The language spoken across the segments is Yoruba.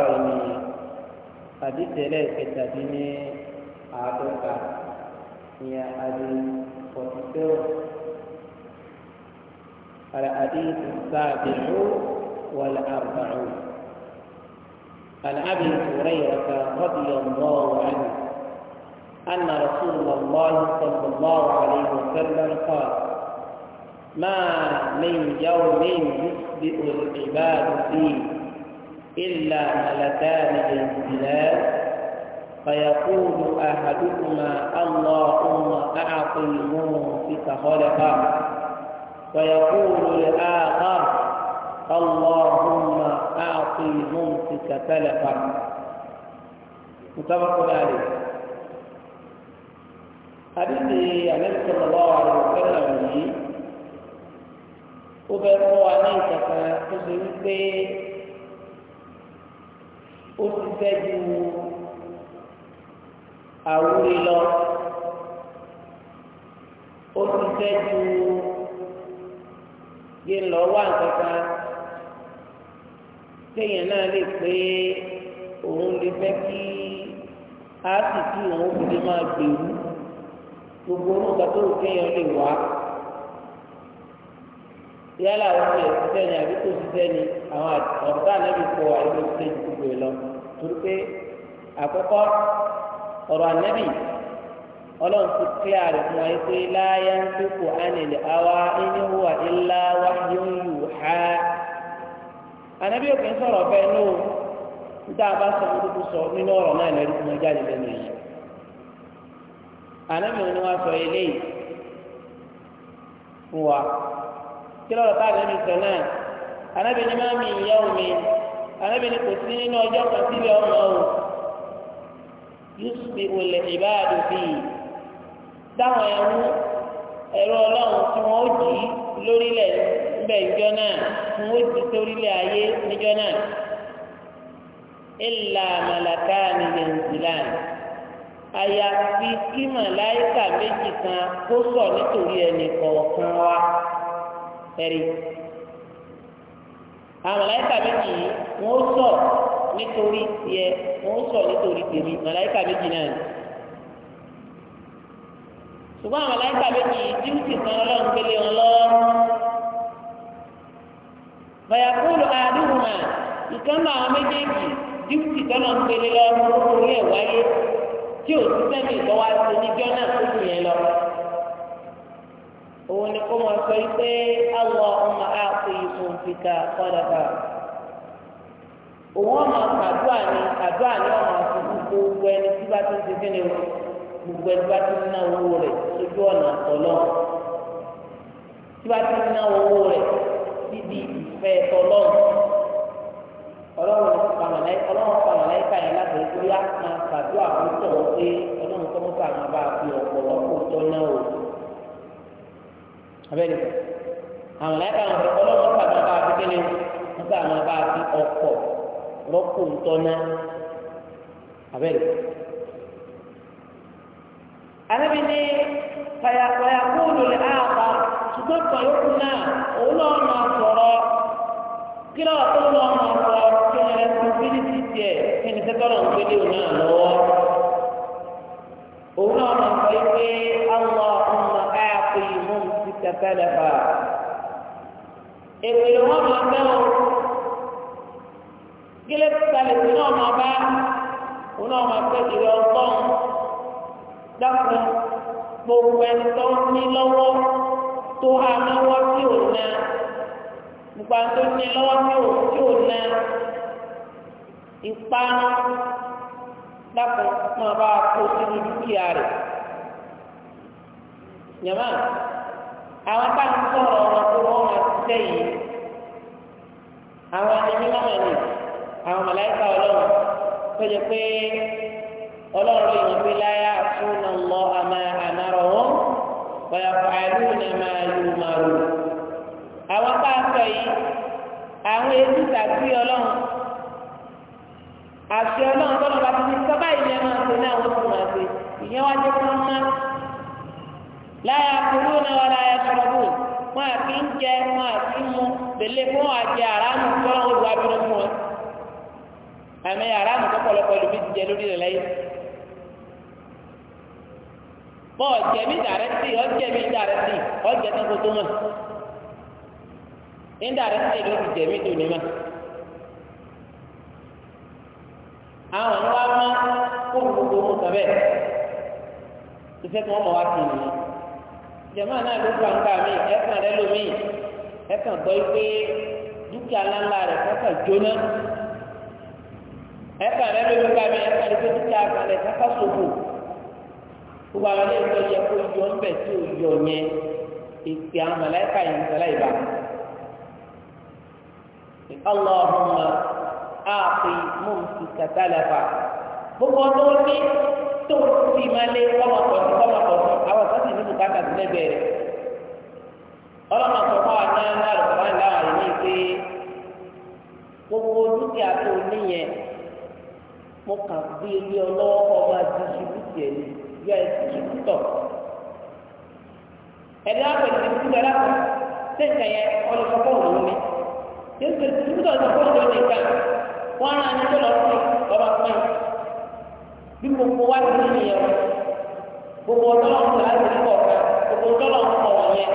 àárọ̀ ni àdìsẹ́lẹ̀ kẹtàdínní àádọ́ta ìyá àdì fọ̀tísẹ́wò الحديث السابع والأربعون عن أبي هريرة رضي الله عنه أن رسول الله صلى الله عليه وسلم قال ما من يوم يسبئ العباد فيه إلا ملكان ينزلان فيقول أحدهما اللهم أعطي منفك خلقا ويقول الآخر اللهم أعطي منفك تلفا متفق عليه حديث النبي صلى الله عليه وسلم وبيقول عليك فتصير ó ti fẹ́ ju àwúre lọ ó ti fẹ́ ju yé lọ wá nǹkan téèyàn náà lè pé òun lè fẹ́ kí á sì tí òun fi lè máa gbèrú gbogbo orúkọ tó kéèyàn lè wá yálà ó ti ẹ̀ sísẹ́ ni àbí kò sísẹ́ ni àwọn ọ̀tá náà lè kọ àìlè sísẹ́ ju gbogbo ẹ̀ lọ. torí pé ọrụ anabi ànábì ọlọ́run ti kílẹ̀ rẹ̀ fún wa pé láyé ń dúkù ánìlè àwa ẹni wà ilá wá yóò yù há. òkè ń ní o bá sọ sọ nínú náà fún òní wa sọ eléyìí fún wa kí sọ náà anabi ní má mi arábìnrin kò sí nínú ọjọ́ kan sílẹ̀ ọmọ o yusufi olè ìbáàdù bíi táwọn ẹrú ẹrú ọlọ́run tí wọ́n ó jì í lórílẹ̀ níbẹ̀ ìjọ náà tí wọ́n ó jì í sórílẹ̀ ayé níjọ náà ìlà màlàkà ni yẹnzìlán àyàfi kí màláìkà méjì kan kó sọ nítorí ẹnì kọ̀ọ̀kan wa ẹ̀rí. àwọn màláìkà méjì yìí wọn ó sọ nítorí tiẹ̀ wọn ó sọ nítorí tèmi màláìkà méjì náà ni ṣùgbọ́n àwọn méjì yìí díútì kan ọlọ́run gbélé wọn lọ bàyàkúlù àdúgbòmà ìkànnà àwọn méjèèjì díútì tọ́lọ̀ ń gbélé lọ orí ẹ̀ wáyé tí oníjọ́ náà tó òun ni kó máa sọ pé Allahumma àti ìfòǹfìkà kọ́dàbà òun ọmọ àdúrà ni àdúrà ni ọmọ àti gbogbo ẹni tí bá ti ń ṣe kíni gbogbo ẹni tí bá ti ń ná owó rẹ̀ sójú ọ̀nà tí bá ti ń ná owó síbi ìfẹ́ ọlọ́run ọlọ́run káyọ̀ láti abẹ́rẹ́ sọ àwọn láìka àwọn ọlọ́run ọ̀pá àwọn bá a fi kéde wọ́n sọ àwọn bá a fi ọkọ̀ rọ́pò ńtọ́ná abẹ́rẹ́ anabi ni fayakulu le aaba ṣùgbọ́n kan yókù náà òun náà máa sọ̀rọ̀ kí lọ́wọ́ tó náà máa sọ̀rọ̀ kí ni rẹ́sipọ́nbílítì tiẹ̀ kí ni sẹ́tọ́rọ̀ ń gbélé òun náà lọ́wọ́. sálàfà ètò ìlú wọn máa bẹ́ wọn gílẹ̀ sálẹ̀ tí náà máa bá wọn náà máa pẹ́ ìrẹ̀ ọgbọ́n dákun gbogbo ẹni tó ní lọ́wọ́ tó há lọ́wọ́ tí ò ná gbogbo tó ní lọ́wọ́ tí ò tí ò ná ìpanu dákun máa bá kó sínú dúkìá rẹ̀ nyàmá. àwọn tá ń ọrụ ọ̀rọ̀ tó wọ́n máa ṣiṣẹ́ yìí àwọn ẹni àwọn màláìka ọlọ́run tó yẹ pé ọlọ́run yìí wọ́n láyà fún ọmọ àmà àmàrọ̀ wọn bàyà fàálù ní máa lù máa lù. àwọn tá a sọ yìí àwọn ètò ìtàkì ọlọ́run àti ọlọ́run tó lọ́ba sọ́bà ìyẹn máa ń ní àwọn láyà kúrú náà wà láyà sọ̀rọ̀bù wọn àfi ń jẹ wọn àfi mu tẹ̀lé fún àjẹ àránù tọ́lá olùwà abínú fún wọn àmì àránù tọ́pọ̀lọpọ̀ lómi ti jẹ lórí rẹ̀ lẹ́yìn bọ́ jẹ̀bi dàrẹ́tì ọ̀jẹ̀bi dàrẹ́tì ọ̀jẹ̀tàn kò tó mọ̀ ní dàrẹ́tì ló ti jẹ̀bi tó ní mọ̀ àwọn ọ̀nà wa mọ̀ kó gbogbo mọ̀ sọ̀bẹ̀ ìfẹ́ tí wọ́n mọ̀ wá sí nìyẹn jẹ̀mọ́ náà ló gba nǹkan mi ẹ̀sán rẹ lómi ẹ̀sán gbọ́ pé dúkìá ńláńlá rẹ̀ kọ́kọ́ jóná ẹ̀sán rẹ lómi nǹkan mi ẹ̀sán rẹ pé dúkìá kan rẹ̀ kọ́kọ́ ṣòfò gbogbo àwọn ilé ìjọ yẹ kó yọ ńbẹ tí ò yọ yẹn ìpè àwọn mọ̀lẹ́kà yìí nígbà láì bá Allahumma aati mumsikatalafa gbogbo ọdún ní. tó ti máa lé kọ́mọ̀tọ̀tún kọ́mọ̀tọ̀tún àwọn sọ́sì ní bùkátà sí lẹ́gbẹ̀ẹ́ rẹ̀ ọlọ́mọ̀tọ̀ fún wa náà náà lọ́wọ́ láwọn àyè ní pé gbogbo dúkìá tó níyẹn mo kàn gbé ilé ọlọ́wọ́ ọba ẹ̀ ní yọ àpẹẹrẹ sẹ́ǹkà yẹn wọ́n rán ẹni tó lọ sí ọba pẹ́ẹ́n. bí gbogbo wa ti ní yẹn gbogbo ọlọ́run tó láti ní kọ̀ọ̀kan gbogbo ọlọ́run kọ̀ wọ̀nyẹn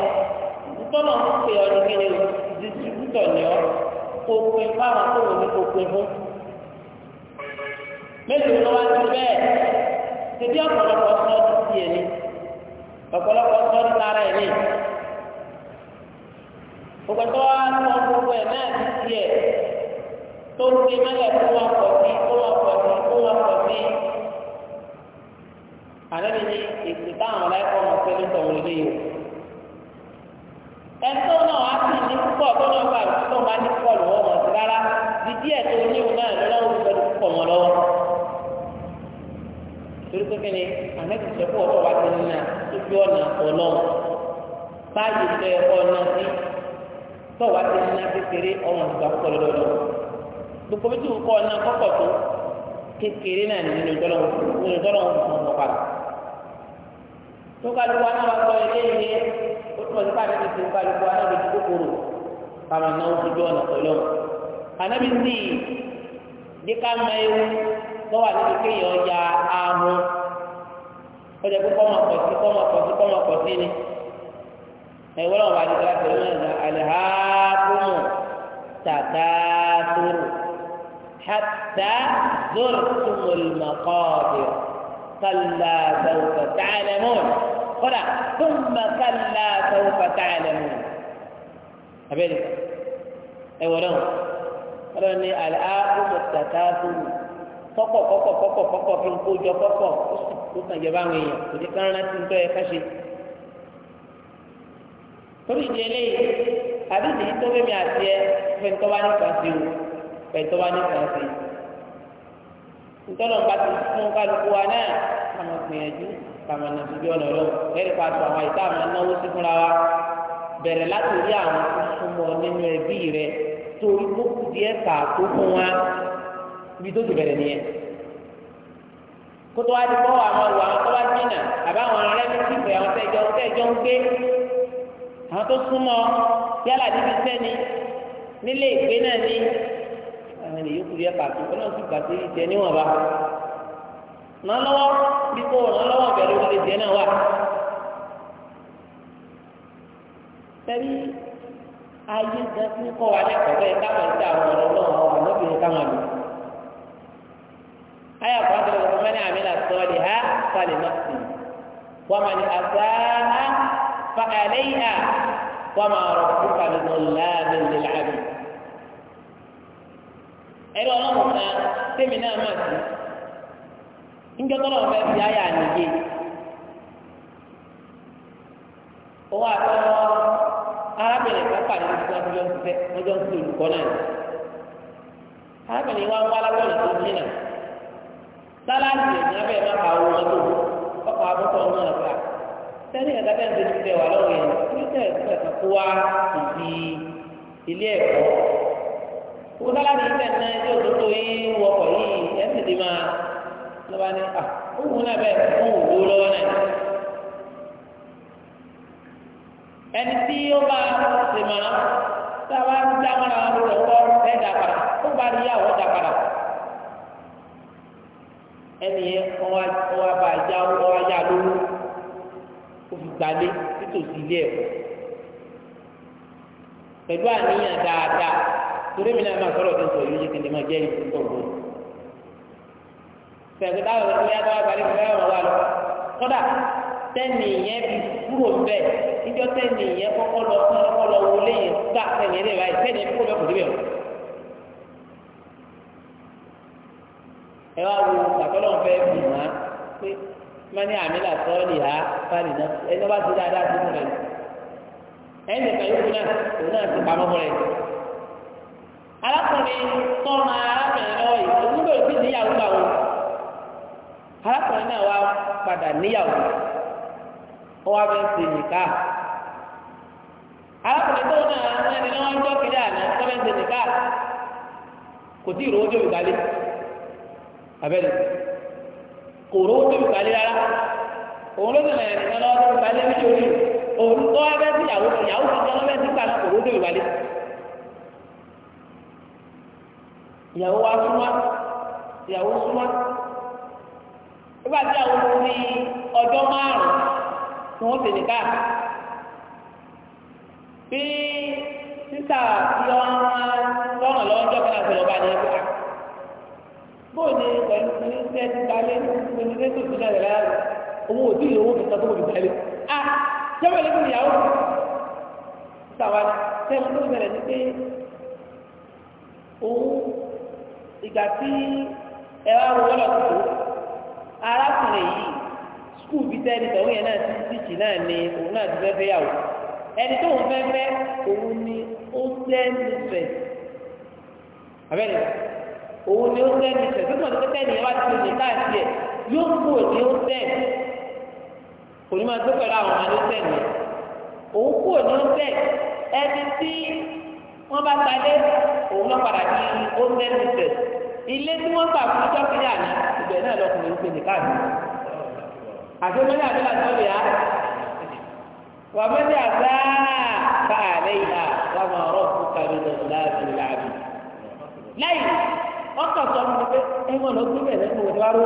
ntọ́nà pé ọdún kẹlẹ́ o distributọ̀ ni ọ kó pé fáwọn tó wò ní kó pé fún. mélòó ló wá sí bẹ́ẹ̀ tẹ̀bí ọ̀pọ̀lọpọ̀ sọ́ọ́ ti tiẹ̀ ni ọ̀pọ̀lọpọ̀ sọ́ọ́ ti lára ẹ̀ ní ògbẹ́tọ́ wa sọ gbogbo ẹ̀ náà ti tiẹ̀ tó ń gbé mẹ́lẹ̀ tó wà pọ̀ sí tó wà pọ̀ sí. báyìí tẹ ọ̀nà sí dị àti nínú kékeré ọmọ ìgbà púpọ̀ lọ́dọ̀ gbogbo bí tí o kọ́ ọ̀nà tó kékeré náà nínú ìjọlọ́wọ́ nínú ìjọlọ́wọ́ fún ọmọ padà tó kálukú aná wa sọ ilé ó pàdé kálukú aná lójú náà ó ọ̀nà pẹ̀lú ànábi díkà ẹ̀wọ́n náà wà ní ká pẹ̀lú ẹ̀dá alihakumu takasuru hatta zurtumul maqabir kalla sawfa ta'lamun kódà thumma kalla sawfa ta'lamun abẹ́rẹ́ ẹ̀wọ́n náà wọ́n ní alihakumu takasuru kọ́kọ́ kọ́kọ́ kọ́kọ́ kọ́kọ́ fi ń kó jọ kọ́kọ́ ó sì kó sàn jẹ́ báwọn èèyàn kò ní ká rántí ń tọ́ ẹ ká ṣe. torí ìdí eléyìí àdìsí yìí tó fẹ́mi àti ẹ fẹ́ntọ́ wá nípa sí o fẹ́ntọ́ wá nípa sí i ntọ́nà bá ti fún kálukú wa náà kàmá gbìyànjú kàmá nà síbi ọ̀nà ọ̀rọ̀ lẹ́yìn pa àtọ̀ àwọn ìta àmà náwó sí fúnra wa bẹ̀rẹ̀ láti rí àwọn tó súnmọ́ nínú ẹbí rẹ torí kó kù díẹ̀ kà tó fún wa ibi tó ti bẹ̀rẹ̀ nìyẹn kótó wa ti kọ́ àwọn ìwà àwọn tó wá jìnnà àbáwọn arẹ́mẹ́tì àwọn tó súnmọ́ yálà níbi iṣẹ́ ni nílé ìgbé náà ni àwọn ènìyàn kúrò yẹ pàtó kó náà sì gbà sí ìjẹ níwọ̀nba ràn lọ́wọ́ bí kò ràn lọ́wọ́ bẹ̀rẹ̀ orí ìjẹ náà wà. sẹ́rí ayé gan tí ń kọ́ wa lẹ́kọ̀ọ́ bẹ́ẹ̀ káwọn ìta àwọn ọ̀rọ̀ náà wọ́n wà lóbìnrin káwọn lò. ayé àpò àti ọ̀rọ̀ mẹ́rin àmì là sọ́ọ́ lè há sálẹ̀ náà sí wọ́n máa ní àgbà á. فعليها وما ربك بظلام للعبيد ẹ̀rọ ọlọ́run kan tèmi náà máa sí níjọ́ tọ́lọ́ fẹ́ fi àyà nìyé òun àtọ́ arábìnrin kan pàdé ní fún ọjọ́ ṣiṣẹ́ ọjọ́ ṣiṣẹ́ olùkọ́ náà arábìnrin wa ń wá lábẹ́rẹ́ tó jìnnà sáláàtì ẹ̀jẹ̀ abẹ́rẹ́ máa pa owó mọ́tò ọkọ̀ abọ́tọ̀ ọmọ náà fà á sẹ́ni ẹ̀dá bẹ́ẹ̀ ń dojú tẹ wà lọ́wọ́ yẹn nígbà ẹ̀kọ́ ẹ̀ka kó wá ìdí ilé ẹ̀kọ́. Owó ilé ẹ̀kọ́ pẹ̀lú àníyàn dáadáa torí mi náà máa sọ̀rọ̀ tó ń sọ yìí ní kìnìún máa jẹ́ ìdúgbò gbòòrò pẹ̀lú táwọn ọ̀rọ̀ ìyá dáwà balẹ̀ fún ẹ̀rọ wa lọ kọ́dà tẹ́nì yẹn fi kúrò bẹ́ẹ̀ níjọ́ tẹ́nì yẹn kọ́kọ́ lọ kọ́kọ́ lọ wọlé yẹn gbà tẹ́nì yẹn lè báyìí tẹ́nì yẹn kúrò bẹ́ẹ̀ kò níbẹ̀ o. ẹ wá wo bàtọ́lọ́ fẹ́ bì má pé mọ́ni àmì làtọ́ lè ha fáàlì náà ti dáadáa sí fún ẹni kan yóò náà òun náà ti pamọ́ fún rẹ̀. alákùnrin tọ́nà arábìnrin lọ́wọ́ yìí òun kiri kò kò tó fi balẹ̀ rárá òun ló bẹ̀rẹ̀ ẹ̀rẹ̀ lọ́wọ́ tó fi balẹ̀ nítorí òun tó wá bẹ́ẹ̀ sí ìyàwó tó tán lọ́wọ́ nípa náà tó fi balẹ̀. ìyàwó wa súnmọ́ ìyàwó súnmọ́ nígbà tí àwọn ọmọ ní ọjọ́ márùn ni wọ́n bí bóò ni pẹ̀lú ní ṣe ti balẹ̀ pẹ̀lú ní ṣe ti balẹ̀ láàrú owó òdì ìlú owó fi tọ́ tó kò fi balẹ̀ a jẹ́wọ́ ilé fún ìyàwó sàwọn sẹ́wọ́n tó bẹ̀rẹ̀ ní pé òun ìgbà tí ẹ wá wọ lọ́dọ̀ tó arákùnrin yìí skul bíi tẹ́lẹ̀ tọ́wọ́ yẹn náà ti tíìtì náà ni òun náà ti fẹ́ yàwó ẹni tó ń fẹ́ fẹ́ òun ni ó sẹ́ńdì òun ni ó tẹ́ ní ìṣẹ̀ tó tọ̀dọ̀ tẹ́ ní ẹ bá ti lè káàkiri ẹ̀ yóò kú òní ó tẹ́ kò ní máa tó pẹ̀lú àwọn ọmọdé tẹ̀ ní òun kú òní ó tẹ́ ẹni tí wọ́n bá talé òun lọ́ padà ní ó tẹ́ ní ìṣẹ̀ ilé tí wọ́n gbà fún ọjọ́ àná ìgbẹ́ náà lọkùnrin ń pè ní káàkiri àti ọmọdé àbẹ́là tó lè wà mọ́tẹ́ àgbà bá ìhà wà máa fún kàdúrà ọkọ̀ sọ fún mi pé ẹ̀wọ̀n lọ gbé bẹ̀rẹ̀ mọ̀ wọ́n láró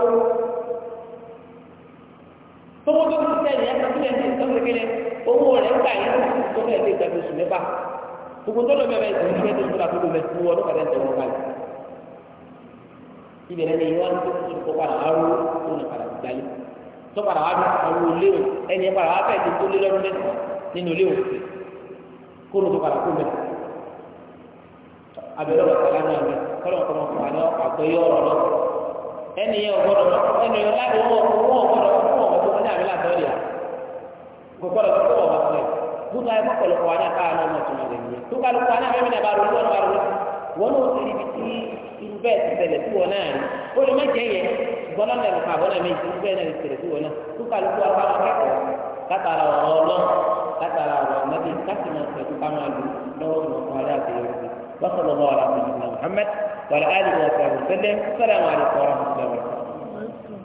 tọwọ́ tó ti sẹ́yìn ẹ̀ kọ́ sílẹ̀ ní ìtọ́sẹ̀kẹ́lẹ̀ owó rẹ̀ gbà yẹn tó fẹ́ẹ́ lè gbàgbé oṣù mẹ́fà gbogbo tó lọ bẹ̀rẹ̀ ìtọ́sẹ̀ ní ìfẹ́ tó lọ àtúntò bẹ̀ fún ọdún kàdé ìtọ́sẹ̀ wọn ibẹ̀rẹ̀ ni ìwọ́n tó ti kọ́ padà arú tó nà padà gbalẹ̀ tó padà wá arú léwu ẹni ẹ padà wá fẹ́ẹ́ tó lé lọ́dún mẹ́ta nínú léwu kó ló tó padà kó mẹ́ta abẹ́rẹ́ wà sálá náà rẹ̀ kọ́lọ̀ kọ́mọ fún àná àgbẹ̀yẹ ọ̀rọ̀ lọ. ẹni yẹn ò gbọdọ̀ ẹni yẹn láti wọ́n wọ́n gbọdọ̀ fún ọ̀gbọ̀n tó ní àmì látọ̀ọ́ yà kò gbọdọ̀ fún ọ̀gbọ̀n tó yẹ buka ya kọlọ kọ anya kaa na ọmọ tuma lẹnu yẹ tuka lọ kọ anya mẹmẹ na baro lọ baro wọn n'o ti ribi ti iru bẹ́ẹ̀ ti ṣẹlẹ̀ ti wọn náà ni o lè má jẹ yẹ gbọdọ lẹ lọ kàbọ náà mi iru bẹ́ẹ̀ náà ti ṣẹlẹ̀ ti wọn náà tuka lọ kọ aka wọn kẹkọ katara ọ̀rọ̀ lọ katara ọ̀rọ̀ mẹbi kati ma sẹ tuka ma lu lọ́wọ́ mọ kọ ala ti yẹ o. وصلى الله على سيدنا محمد وعلى آله وصحبه وسلم السلام عليكم ورحمة الله وبركاته